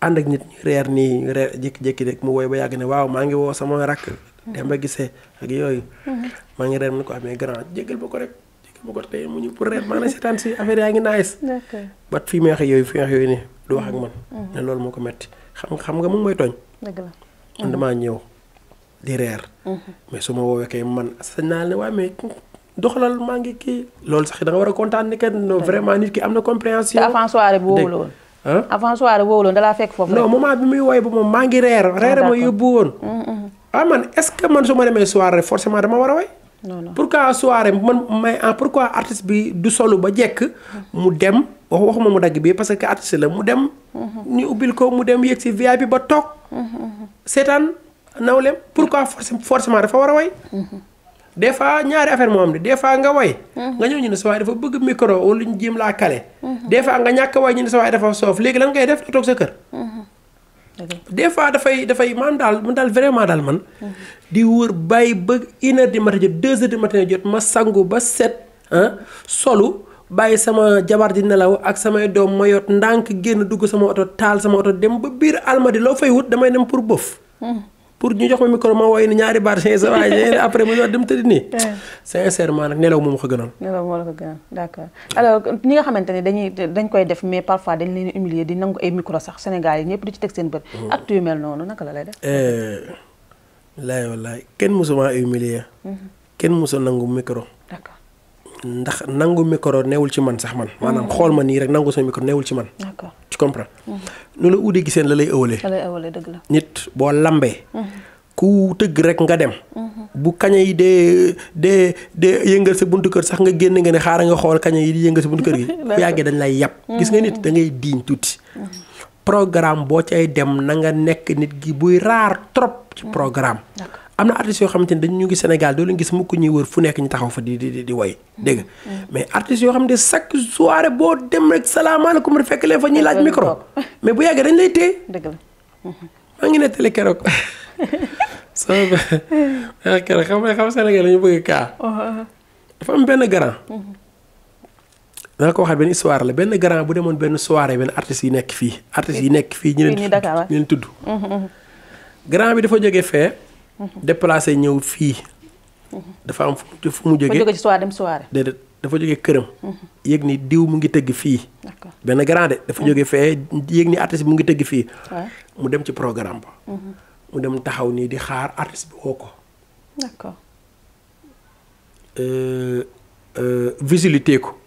ànd ak nit ñi reer nii reer jékki-jékki rek mu woy ba yàgg ne waaw maa ngi woo sama rakk Demba Guissé ak yooyu. Mm-hmm. maa ngi reer mu ne ko amee grand jégal ba ko rek jégal ba ko tey mu ñu pour reer maa ngi lay seetaan si affaire yaa ngi nice. d'accord bat fii may wax yooyu fii may wax yooyu nii du wax ak man. Mm-hmm. ne loolu moo ko metti xam xam nga mu la man mm-hmm. ñëw di reer. maa ngi da nga war a kontaan ni que non vraiment nit ki am na compréhension. te avant soirée reer ma ah, yóbbu woon. ah man est-ce que man su ma demee soirée forcément dama war a way non non pourquoi soirée man may ah pourquoi artiste bi du solo ba jekk mu dem wax waxuma mu dagg bii parce que artiste la mu dem. ñu ubbil ko mu dem yéeg si VIP bi ba toog. seetaan nawleem pourquoi forcément dafa war a way. des fois ñaari affaire moom am ne des fois nga way. nga ñëw ñu ne sa waay dafa bëgg micro wala ñu jéem laa kale. des fois nga ñàkk way ñu ne sa waay dafa soof léegi lan ngay def toog sa kër. des fois dafay dafay man daal man daal vraiment daal man. Mm-hmm. di wër bàyyi ba une heure du matin jot deux heures du matin jot ma sangu ba set ah solu bàyyi sama jabar di nelaw ak samay doom ma yot ndànk génn dugg sama oto taal sama oto dem ba biir almadi loo fay wut damay dem pour bëf. Mm-hmm. pour ñu jox ma micro ma woy ni ñaari baat cinq sa waaye après ma ñëwaat dem tëdd nii. sincèrement nag nelaw moom ko gënal. nelaw moo la ko gënal d' accord ñi nga xamante ne dañuy dañ koy def mais parfois dañ leen humilier di nangu ay micro sax Sénégal yi ñëpp di ci teg seen bët. Mm. acte yu mel noonu naka la lay def. Eh, laay wallaay kenn mosuma humilier. Mm-hmm. kenn mosa nangu micro. ndax nangu micro newul ci man sax man. maanaam xool ma nii rek nangu sa micro newul ci man. d'accord tu comprends. Mhm. nu la uudee gisee nit boo lambee. Mhm. ku tëgg rek nga dem. Mhm. bu kaña yi dee dee dee yëngal sa buntu kër sax nga génn nga ne xaaral nga xool kaña yi di yëngal sa buntu kër gi. (laughs) bu yàggee dañ lay yàpp. gis nga nit da ngay diiñ tuuti. programme boo cay dem nanga nekk nit gi buy raar trop. ci programme. am na artistes yoo xam xamante ni dañ ñu ngi Sénégal doo leen gis mukk ñuy wër fu nekk ñu taxaw fa di di di woy dégg mm. mais artistes yoo xam xamante chaque soirée boo dem rek salaamaaleykum rek fekk leen fa ñuy laaj micro mais bu yàggee dañ lay téye. dëgg la maa ngi nettali keroog (laughs) soo ah, keroog xam nga xam Sénégal dañu dafa am benn grand. Mm-hmm. dana ko waxaat benn histoire la benn grand bu demoon benn soirée benn artistes yi nekk fii. artistes yi nekk fii ñu leen. ñu leen tudd. Mm-hmm. grand bi dafa jógee fee. déplacé ñëw fii. dafa am fu mu jógee ci soirée dem soirée. déedéet dafa jógee këram. yéeg ni diw mu ngi tëgg fii. benn grand dafa jógee fee yéeg ni artiste bi mu ngi tëgg fii. mu dem ci programme ba. mu dem taxaw nii di xaar artiste bi woo ko. d'accord. Euh, euh, visibilité ko.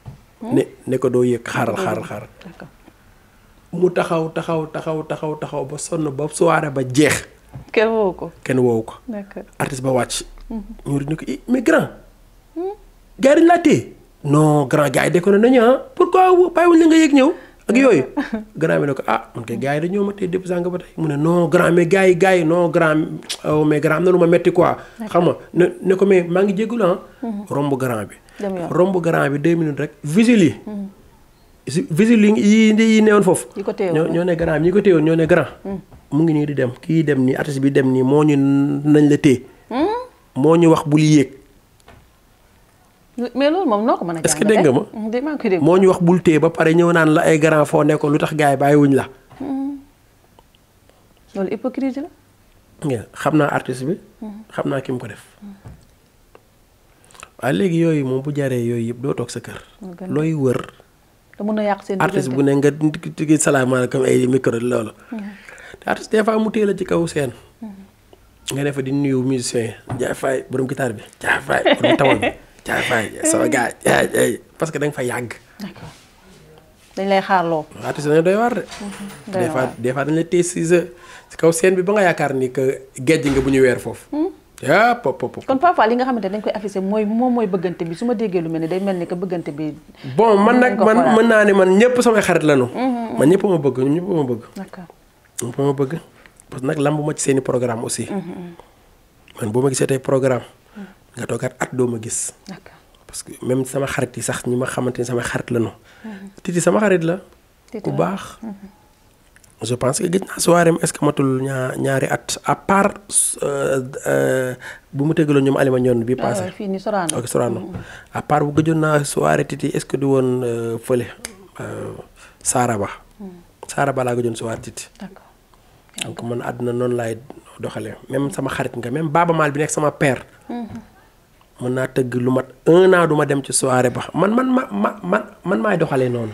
Hmm? ne ne ko doo yëg hmm. xaaral xaaral xaaral. mu taxaw taxaw taxaw taxaw taxaw ba sonn ba soire ba jeex. kenn woowu ko kenn woowu ko. artiste ba wàcc. ñu ngi ko i mais grand. Hmm? gars yi dañu laa téye non grand gars yi déconné nañu ah pourquoi bàyyiwuñu la nga yéeg ñëw ak yooyu. (laughs) grand bi ne ko ah man kay yi dañoo ma téye depuis sànq ba tey mu ne yi gars yi non grand oh, ma metti quoi. xam nga ne ne ko mais maa ngi jégalu ah. Mhm. romb grand bi. romb grand bi deux minutes rek vigile yi. Mhm. vigile yi yi yi newoon foofu. ñoo ne grand bi ko ñoo ne grand. Mhm. mu ngi nii di dem kii dem nii artiste bi dem nii moo ñu nañ la téye. Hmm? moo ñu wax bul yéeg. mais loolu moom noo ko mën a. que dégg nga ma hmm, moo ñu wax bul téye ba pare ñëw naan la ay grand foo nekkoon lu tax gars yi bàyyiwuñ la. Hmm. loolu hypocrisie la. xam naa artiste bi. xam naa ki mu ko def. waaye léegi yooyu moom bu jaree yooyu yëpp doo toog sa kër. looy wër. te mun na yàq seen artiste bu ne nga salaamaaleykum ay micro loolu. te artiste fois mu téye la ci kaw seen mm-hmm. nga defa di nuyu musicien jaay faay borom bi jaay faay (laughs) parce que da nga fa yàgg. dañ lay xaarloo. artiste dañu doy waar de. Mm-hmm. doy waar des fois des fois dañu la téye kaw seen bi ba nga yaakaar ni que gejj nga bu ñu weer foofu. ah pop pop. kon parfois li nga xamante ne dañ koy affiché mooy moom mooy bëggante bi su ma déggee lu mel ni day mel ni que bëggante bi. bon man nag man mën naa ne man ñëpp samay xarit lañu. Hmm, hmm, hmm. man ñëpp ma bëgg ñëpp ma bëgg. d'accord. ba ma bëgg parce que nag lamb ma ci seeni programme aussi. Mm-hmm. man ma gisee tey programme. Mm. nga toogaat at doo ma gis. parce que même sama xarit yi sax ñu ma xamante ni sama xarit la ñu. Mm-hmm. titi sama xarit la. bu baax. Mm-hmm. je pense que gis naa soirée ce que matul ñaa ñaari at à euh, euh, mu tëggaloon ñoom Alima ñoon bi passé ah, fii nii Sorano ok titi est que du woon euh, fële Saaraba. Mm. Saaraba laa gëjoon soirée titi. donc man àdduna noonu laay doxalee même sama xarit nga même Baaba Maal bi nekk sama père. Mm-hmm. mën naa tëgg lu mat un an du dem ci soirée ba man man ma ma man man maay doxalee noonu.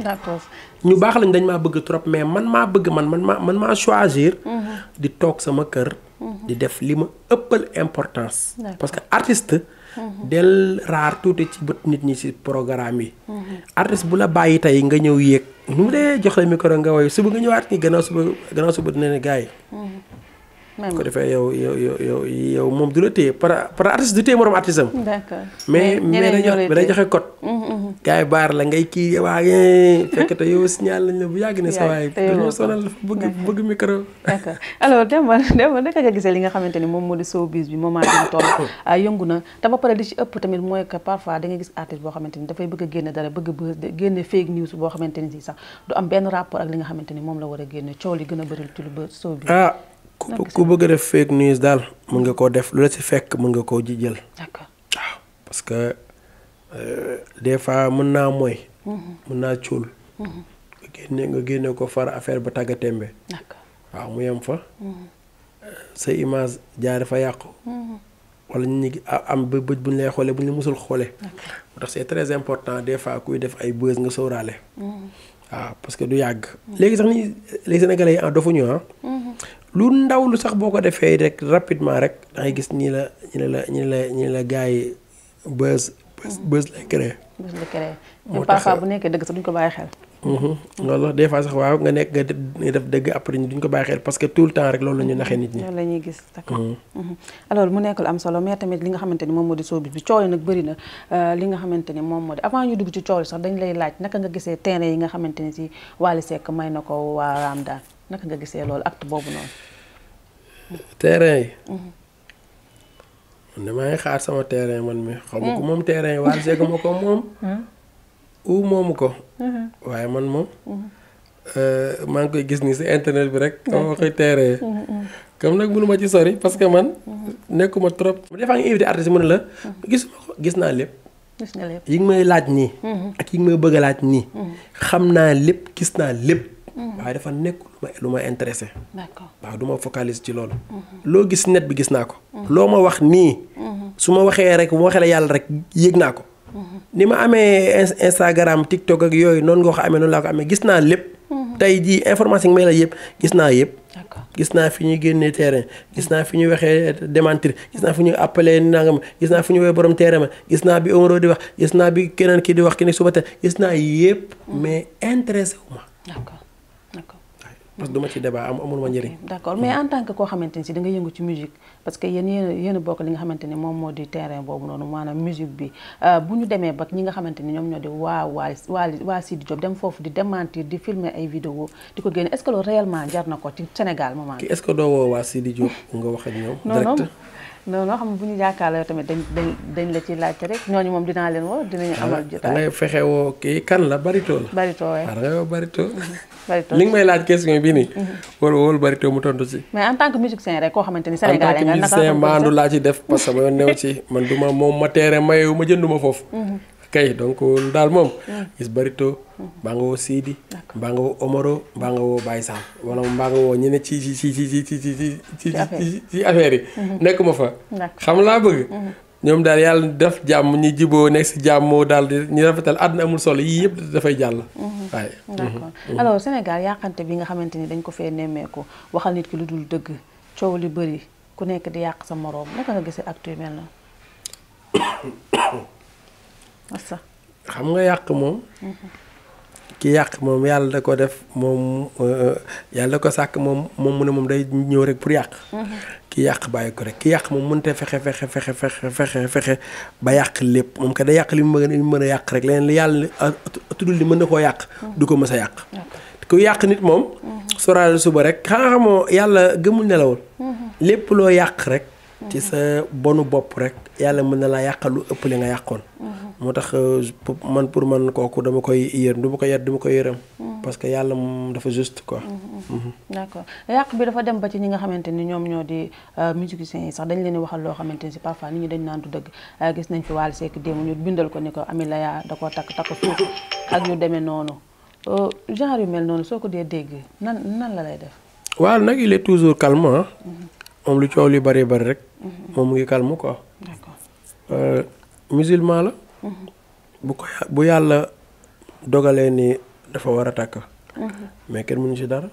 ñu baax lañ dañ maa bëgg trop mais man maa bëgg man man maa man maa choisir. Mm-hmm. di toog sama kër. Mm-hmm. di def li ma ëppal importance. parce que artiste. Mm-hmm. del raar tuuti ci bët nit ñi ci programme yi. Mm-hmm. artiste bu la bàyyi tey nga ñëw yéeg. nu mu dee jox la micro nga woy suba nga ñëwaat nii gannaaw suba gannaaw suba dina ne yi. Mm-hmm. ko defee yow yow yow yow moom du la téye par par mm-hmm, mm-hmm. la ngay kii waa (laughs) fekk sa waay. dañoo (laughs) li nga ni moom moo di showbiz bi moment bi mu toll (coughs) ah, yëngu na te pare di ci ëpp tamit mooy que parfois da nga gis artiste boo xamante ni dafay bëgg a génne dara bëgg a génne fake news boo xamante sax du am benn rapport ak li nga xamante moom la war a génne coow li gën a bëri ci lu ba showbiz. ku bëgg a def fake news daal mën nga koo def lu la ci fekk mën nga koo ji jël. waaw parce que euh, des fois mën naa mooy. mën mm-hmm. naa cuul. Mm-hmm. nga génne nga génne ko far affaire ba tàgga tembe. waaw mu yem fa. Mm-hmm. Euh, sa image jaar fa yàqu. wala ñu ngi am ba bët bu ñu lay xoolee bu ñu la musul xoolee. moo tax c'est très important des fois kuy def ay buzz nga sóoraale. waaw parce que du yàgg. léegi sax ni les Sénégalais yi ah dofuñu ah. lu ndaw lu sax boo ko defee rek rapidement rek da ngay gis ñi la ñi la ñi la ñi la gars yi buzz buzz lay créé. buzz lay créé. moo tax parfois bu nekkee dëgg sax duñ ko bàyyi xel. Mhm. loolu des fois sax waaw nga nekk nga def dëgg après duñ ko bàyyi xel parce que tout le temps rek loolu la ñu naxee nit ñi. loolu la gis d'accord. Mhm. Mhm. mu nekk lu am solo mais tamit li nga xamante ni moom moo di euh, li nga xamante ni moom moo di avant ñu dugg ci coow sax dañ lay laaj naka nga gisee terrain yi nga xamante ni si Wally Seck may na ko waa Ramadane naka nga gisee loolu acte boobu noonu. terrain yi. man damaa ngi xaar sama terrain man mi. xaw ma ko mm. moom terrain yi Wally Seck ko moom. Hmm? u moomu ko. Mhm. waaye man moom. Mhm. Euh, maa ngi koy gis nii si internet bi rek. dama ma koy teeree. Mhm, comme nag mënuma ci sori parce que man. nekkuma trop. des fois nga invité artiste mu ne la. gisuma ko gis naa lépp. gis yi nga laaj nii. ak bëgg laaj nii. xam naa lépp gis naa lépp. waaye dafa nekk lu ma lu ma intéressé. d'accord ci loolu. loo gis net bi gis naa ko. loo ma wax nii. su ma waxee rek bu ma waxee la yàlla rek yëg naa ko. ni ma amee Instagram TikTok ak yooyu noonu nga ko amee noonu laa ko amee gis naa lépp. Mhm. tey jii information may la yëpp gis naa yëpp. gis naa fi ñuy génnee terrain gis naa fi ñuy waxee démentir gis naa fi ñuy appelé nangam gis naa fi ñuy woowee borom terrain ma gis naa bi Omaro di wax gis naa bi keneen kii di wax ki ne suba te gis naa yëpp mhm. mais intéressé wu ma. parce que du ma ci débat am amul ma njëriñ. d' accord mais en tant que koo xamante ni si da nga yëngu ci musique parce que yéen yéen yéen a bokk li nga xamante ni moom moo di terrain boobu noonu maanaam musique bi euh, bu ñu demee ba ñi nga xamante ñoom ñoo di waa waa waa waa Sidi Diop dem foofu di démentir di filmer ay vidéo di ko génne est ce jar na ko ci Sénégal moment bi. est ce que doo woo waa nga wax ak ñoom. direct non non xam nga bu ñu jàkkaarloo tamit dañ dañ dañ la ci laajte rek ñooñu moom dinaa leen woo dinañu amal ah, jotaay da fexe woo kii kan la barito la barito waaye da ngay woo (laughs) barito li nga may laaj question bi nii wóolu mhm. wóolu barito mu tontu si mais en tant que musicien rek koo xamante ni sénégalais nga naka a laa a def parce que ma yoon new ci man du ma moom ma teere mayewu ma jënduma foofu mhm. kay donc daal moom gis barito mbaa nga woo Sidi mbaa nga woo Omaro mbaa nga woo Baye Sall wala mbaa nga woo ñeneen ci ci ci ci ci yi nekk ma fa xam laa bëgg ñoom daal yàlla def jàmm ñi jiboo nekk si jàmmoo daal di ñu rafetal àdduna amul solo yii yëpp dafay jàll waaye d'accord alors Sénégal yàqante bi nga xamante ni dañ ko fee nemmeeku waxal nit ki lu dul dëgg coow li bëri ku nekk di yàq sa moroom naka nga gisee actu mel xam nga yàq moom. Mhm. ki yàq moom yàlla da ko def moom euh, yàlla da ko sàkk moom moom mu ne moom day ñëw rek pour yàq. Mhm. ki yàq bàyyi ko rek ki yàq moom mënut te fexe fexe fexe fexe fexe fexe ba yàq lépp moom kat day yàq li mu mën a mën a yàq rek leneen li yàlla tuddul li mën na koo yàq. Mhm. du ko mës a yàq. ku yàq nit moom. soraale suba rek xanaa xamoo yàlla gëmul nelawul. lépp loo yàq rek. ci sa bonu bopp rek yàlla mën na laa yàqal lu ëpp li nga yàqoon. moo tax euh, man pour man kooku dama koy yër du ma ko yar du ma ko yëram. Hmm. parce que yàlla moom dafa juste quoi. Hmm, hmm. d' accord bi dafa dem ba ci ñi nga xamante ni ñoom ñoo di euh, musiciens yi sax dañ leen di waxal loo xamante ni si parfois nit ñi dañ naan du dëgg euh, gis nañ fi Wally Seck démb ko ni ko ami la yaa da koo takk takk suuf ak noonu genre yu mel noonu soo ko dee dégg nan nan la lay def. waaw nag il est toujours calme ah. moom lu coow li bari bari rek. moom mu ngi calme quoi. d' accord musulman la. bu ko bu yàlla dogalee ni dafa war a takk. Mhm. mais kenn mënu si dara.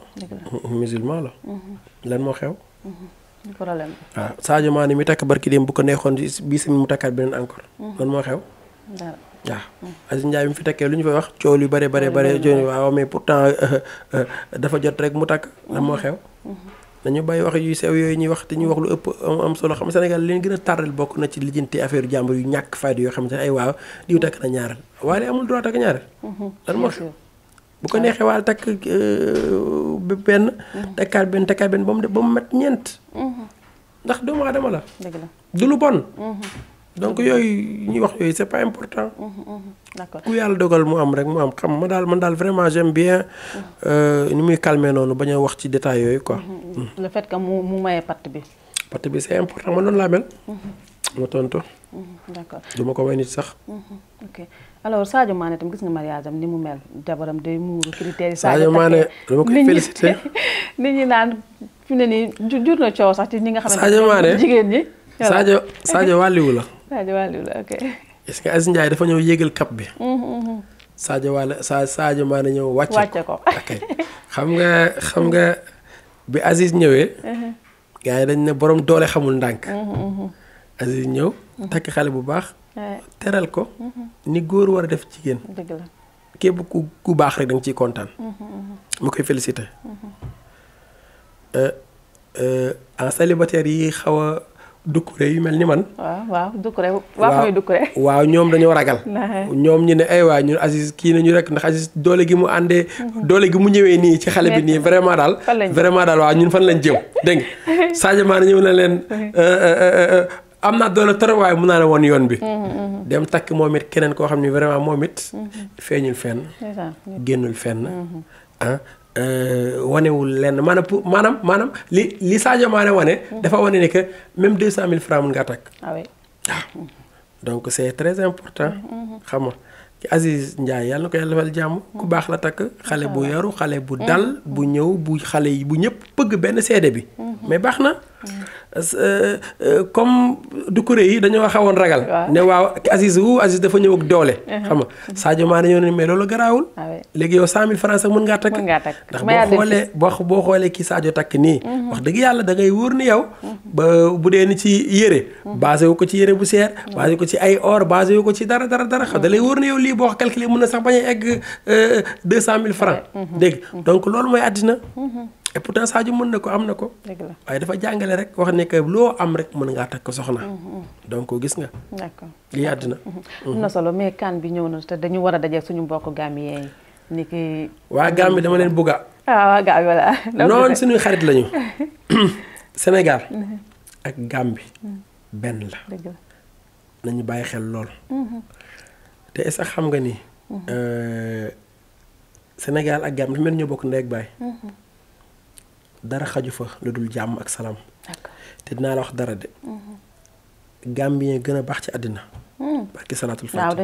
musulman la. Mhm. lan moo xew. Mhm. problème waaw ah, Sadio Mané mi takk barki dem bu ko neexoon bii si mu takkaat beneen encore. lan moo xew. dara waaw. Ah. Aziz Ndiaye mi fi takkee lu ñu fay wax coow yu bare bare bare jooju waaw mais pourtant (laughs) euh, euh, dafa jot rek mu takk lan moo xew. nañu bàyyi wax yu sew yooyu ñuy wax te ñuy wax lu ëpp am solo xam Sénégal leen gën a tàrrel bokk na ci lijjanti affaire jàmbur yu ñàkk fayda yoo xam ne ay waaw diw takk na ñaareel waale amul droit takk ñaareel mhm. lan moo bu ko neexee waal takk euh, benn mhm. takkaat benn takkaat benn ba mu de ba mu mat ñeent mhm. ndax doomu aadama la du lu bon donc yooyu ñuy wax yooyu c'est pas important. Mmh, mmh, mmh. d'accord ku yàlla dogal mu am rek mu am xam ma daal man daal vraiment j'aime bien. Euh, ni muy calmer noonu bañ a wax ci détail yooyu quoi. le fait que mu mu maye patt bi. patt bi c'est important ma noonu laa mel. ma tontu. d'accord ma ko may nit sax. ok alors Sadio Mané tam gis nga mariage am ni mu mel jabaram de muuru critères yi. Sadio Mané dama koy féliciter nit ñi naan fi ne nii jur na coow sax ci ñi nga. xam ne jigéen ñi Sadio Mané Sadio Sadio la. Sadio Wally la ok. est ce que Aziz Ndiaye dafa ñëw yéegal cap bi. Mm, mm, mm. Sadio Wally sa Sadio ñëw wàcce ko (laughs) xam nga xam nga bi Aziz ñëwee. Uh-huh. gars dañ ne borom doole xamul ndànk. Aziz ñëw. Mm-hmm. takk xale bu baax. teral ko. Mm-hmm. ni góor war a def jigéen. dëgg képp ku ku baax rek da ci kontaan. Mm-hmm, mu koy félicité. Euh, euh, en célibataire yi xaw dukkure yi mel ni man. waaw waaw dukkure waaw mooy dukkure. waaw ñoom dañoo ragal. (laughs) ñoom ñu ne ay waa ñun Aziz kii nañu rek ndax Aziz doole gi mu àndee. Mhm. doole gi mu ñëwee nii ci xale bi nii vraiment daal. vraiment daal waaw ñun fan lañ jëm (laughs) dégg nga Sadio Mané ñëw na leen. (laughs) Mhm. Euh, euh, euh, am naa doole trop waaye mun naa ne woon yoon bi. Mhm, dem takk moom it keneen koo xam ni vraiment moom it. feeñul fenn. génnul fenn. Ah. Euh, wanewul lenn maanaam pour maanaam maanaam li li Sadio Mané wane. dafa wane ne que même 200000 francs mun nga takk. waaw ah ah. donc c' est très important. xam nga Aziz Ndiaye yàlla na ko yàlla defal jàmm. ku baax la takk xale bu yaru xale bu mm-hmm. dal bu ñëw bu xale yi bu ñëpp bëgg benn seede bi. Mm-hmm. mais baax na. Mm-hmm. Euh, euh, comme du kuré yi dañoo xawoon ragal. ne waaw Aziz wu Aziz dafa ñëw ak doole. Uh-huh. xam nga Sadio Mané ñoo ne mais loolu garaawul. Ah léegi yow 100000 francs sax mën ngaa takk. ngaa takk ndax boo xoolee boo xoolee ki Sadio takk nii. Uh-huh. wax dëgg yàlla dangay wóor ni yow. Uh-huh. ba bu dee ni ci yére. basé wu ko ci yére bu seer. basé ko ci ay or basé wu ko ci dara dara dara xam da lay wóor ni yow lii boo ko calculé mën na sax bañ a egg 200000 euh, francs. dégg donc loolu et pourtant Sadio mën na ko am na ko. waaye dafa jàngale rek wax ne loo am rek mën ngaa takk soxna. Mm-hmm. donc gis nga. d'accord lii mm-hmm. Mm-hmm. na solo mais kan bi ñëw na te dañu war a daje suñu mbokk Gambien waa Gambie dama leen bugg a. ah waa noonu suñuy xarit lañu. (laughs) Sénégal. ak Gambie. benn la. nañu bàyyi xel lool. te sax xam nga ni. Euh, Sénégal ak Gambie dafa mel ni ñoo bokk ndey ak baay. dara xaju fa lu dul jàmm ak salaam. te dinaa la wax dara de. Mhm. Gambien gën a baax ci àddina. Mhm. barki salaatul xam naa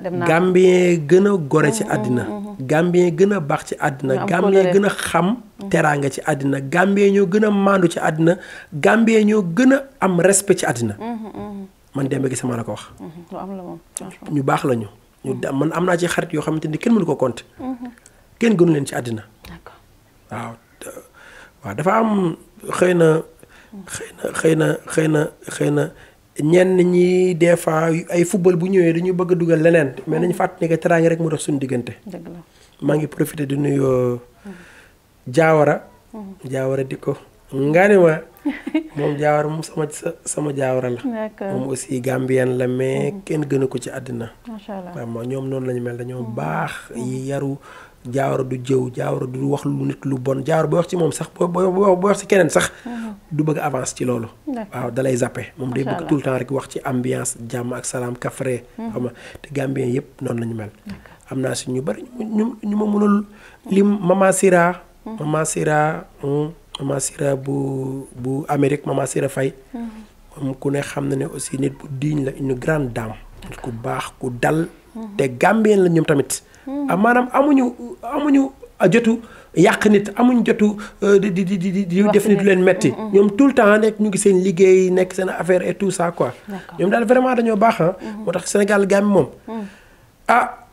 dem naa. Gambien gën a gore ci mhm, àddina. Gambien gën a baax ci àddina. Gambien gën a xam. teraanga ci àddina Gambien ñoo gën a maandu ci àddina Gambien ñoo gën a am respect ci àddina. man Demba Guissé maa la ko wax. ñu baax la ñu. ñu man am naa ci xarit yoo xamante ni kenn mënu ko compter. kenn gënu leen ci àddina. waaw waa dafa am xëy na xëy na xëy na xëy na xëy ñi des fois ay football bu ñëwee dañu bëgg a dugal leneen mais nañu fàttali ne que teraanga rek mu dox suñu diggante. maa ngi profité du nuyu euh, jaawara. Mm-hmm. jaawara di ko. nga ne ma moom jaawara moom sama sama jaawara la. moom aussi gambien la mais mm-hmm. kenn gënu ko ci àddina. macha allah ñoom noonu la mel dañoo mm-hmm. baax yaru. jaawara du jëw jaawara du wax lu nit lu bon jaawara booy wax ci moom sax booy booy wax ci keneen sax. Mhm. du bëgg avance ci loolu. waaw da lay zappe moom day bëgg tout le temps rek wax ci ambiance jàmm ak salaam kafre. Mhm. xam te Gambien yëpp noonu la ñu mel. am naa si ñu bari ñu ma mënul lim mhm. Mama Sira. Hmm, Mama Sira bu bu Amérique Mama Sira moom ku ne xam na ne aussi nit bu diiñ la une grande dame. nit ku baax ku dal. te gambien la ñoom tamit. Hmm. Ah, maanaam amuñu amuñu jotu yàq nit amuñu jotu euh, di di di di di def nit lu leen metti hmm, hmm. ñoom tout le temps nekk ñu ngi seen liggéey nekk seen affaire et tout ça quoi. ñoom daal vraiment dañoo baax ah. moo tax Sénégal Gambie moom ah.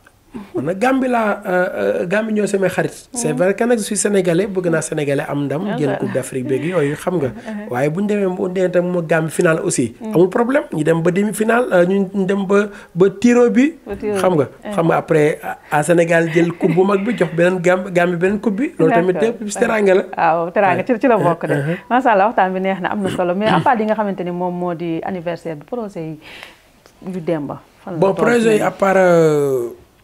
man nag Gambie laa euh, euh, Gambie ñoo samay xarit. Mm. c'est vrai que nag je bëgg naa sénégalais am ndam. jël ah, coupe d'Afrique beeg yooyu (laughs) xam nga. Ah, ah. waaye bu ñu demee bu ñu demee tam mu Gambie final aussi. Mm. amul problème dem ba demi final euh, ñu dem ba ba tiro bi. xam nga xam nga après à Sénégal jël coupe bu mag bi jox beneen Gambie Gambie beneen coupe bi. loolu tamit lépp teraanga la. waaw teraanga ci la eh, bokk de. Eh, eh. macha waxtaan bi neex na am na solo mais à (coughs) part yi nga xamante ni moom moo di anniversaire bi projet yi yu demba. fan la projet yi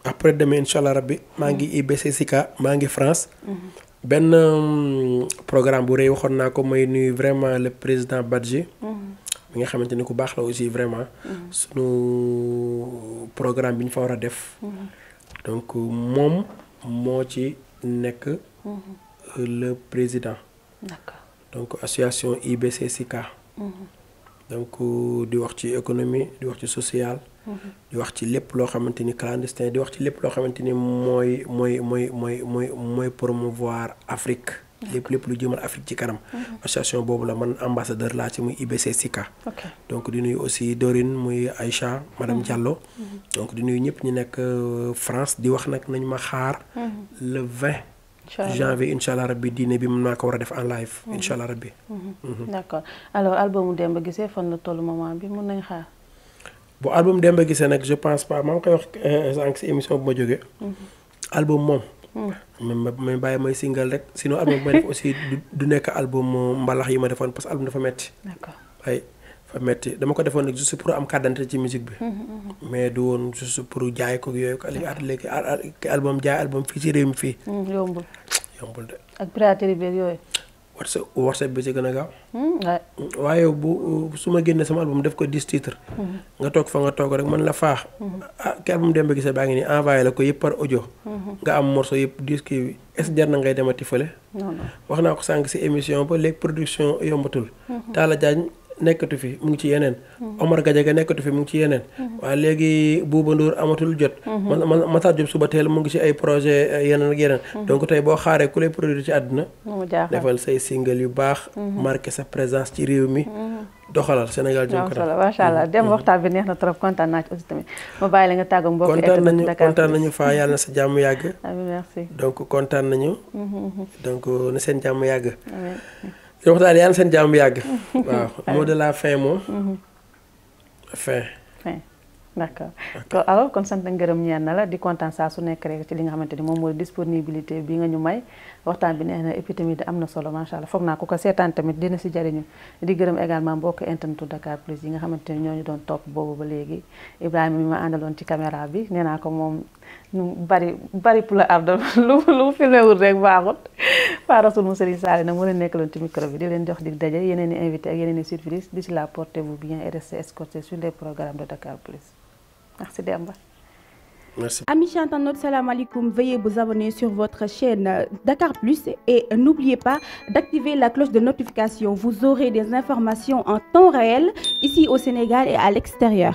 après demain incha allah rabbi maa ngi IBC Sika maa ngi France. benn mm, programme bu rey waxoon naa ko may nuyu vraiment le président Badji. mi nga xamante ni ku baax la aussi vraiment. sunu programme bi ñu fa war a def. donc moom moo ci nekk. Euh, le président. donc association IBC Sika. Mhm. donc euh, di wax ci économie di wax ci social. di wax ci lépp loo xamante ni clandestin di wax ci lépp loo xamante ni mooy mooy mooy mooy mooy mooy promouvoir Afrique. lépp lépp lu jëmal Afrique ci kanam. Mm-hmm. association boobu la man ambassadeur laa ci muy IBC Sika. donc di nuyu aussi Dorine muy Aïcha madame mm-hmm. Diallo. Mm-hmm. donc di nuy ñëpp ñu nekk euh, France di wax nag nañ ma xaar. le 20. janvier incha allah bi diine bi mën naa ko war a def en live. incha allah rabbi. d' accord alors album Demba Guissé fan la tollu moment bi mun nañ xaar. bu album Demba Guissé nag je pense pas maa ngi koy wax euh, sànq si émission bu ma jógee. Mm-hmm. album moom. ma mm. ma bàyyi may single rek sinon album ma def aussi du nekk album mbalax yi ma defoon parce que album dafa metti d'accord waaye metti dama ko defoon rek juste pour am carte ci musique bi. Mm-hmm, mm-hmm. mais du woon juste pour jaay ko yooyu ko léegi album jaay album fii ci réew mi fii. Mm, yombul yombul de. ak piraterie beeg yooyu. whatsapp whatsapp bi si gën a gaaw. Hmm, waaye bu su ma génnee sama album def ko dix titres. Hmm. nga toog fa nga toog rek man la faax. Hmm. ah kii album Demba Guissé baa ngi nii envoyé la ko yëpp par audio. nga am morceau yëpp disque bi est jar na ngay a fële. wax naa ko sànq si émission ba léegi production yombatul. Talla nekkatu fi mu ngi ci yeneen Omar Gadiaga nekkatu fi mu ngi ci yeneen waaye léegi Bouba Ndour amatul jot man Matar Diop suba teel mu ngi ci ay projet yeneen ak yeneen donc tey boo xaaree ku lay produire ci àddina defal say single yu baax marqué sa présence ci réew mi doxalal Sénégal jëm macha allah dem mm-hmm. waxtaan bi neex na trop kontaan naa ci aussi nga tàggu mbokk kontaan nañu kontaan nañu faa yàlla na sa jàmm yàgg (laughs) amiin merci donc kontaan nañu mm-hmm. donc na seen jàmm yàgg di wax daal yàlla seen jàmm yàgg. (laughs) waaw mot de la fin moom. Mhm. fin. fin d' accord kon alors kon sant ngërëm ñeen na la di kontaan saa su nekk rek ci li nga xamante ni moom mooy disponibilité bi nga ñu may waxtaan bi neex na et puis am na solo macha allah foog naa ku ko seetaan tamit dina si jariñu di gërëm également mbokk internetu Dakar Plus yi nga xamante ni ñoo ñu doon topp boobu ba léegi Ibrahima mi ma àndaloon ci caméra bi nee naa ko moom. ñu bari bari pour la ardo lu lu filmé wul rek baaxut waa rasul mu Serigne Saliou nag moo leen nekk loon ci micro leen jox dig daje yeneen i invité ak i surprise d'ici là portez-vous bien et restez escortés sur les programmes de Dakar Plus merci Demba Merci. Amis chantants, notre salam Veuillez vous abonner sur votre chaîne euh, Dakar Plus et euh, n'oubliez pas d'activer la cloche de notification. Vous aurez des informations en temps réel ici au Sénégal et à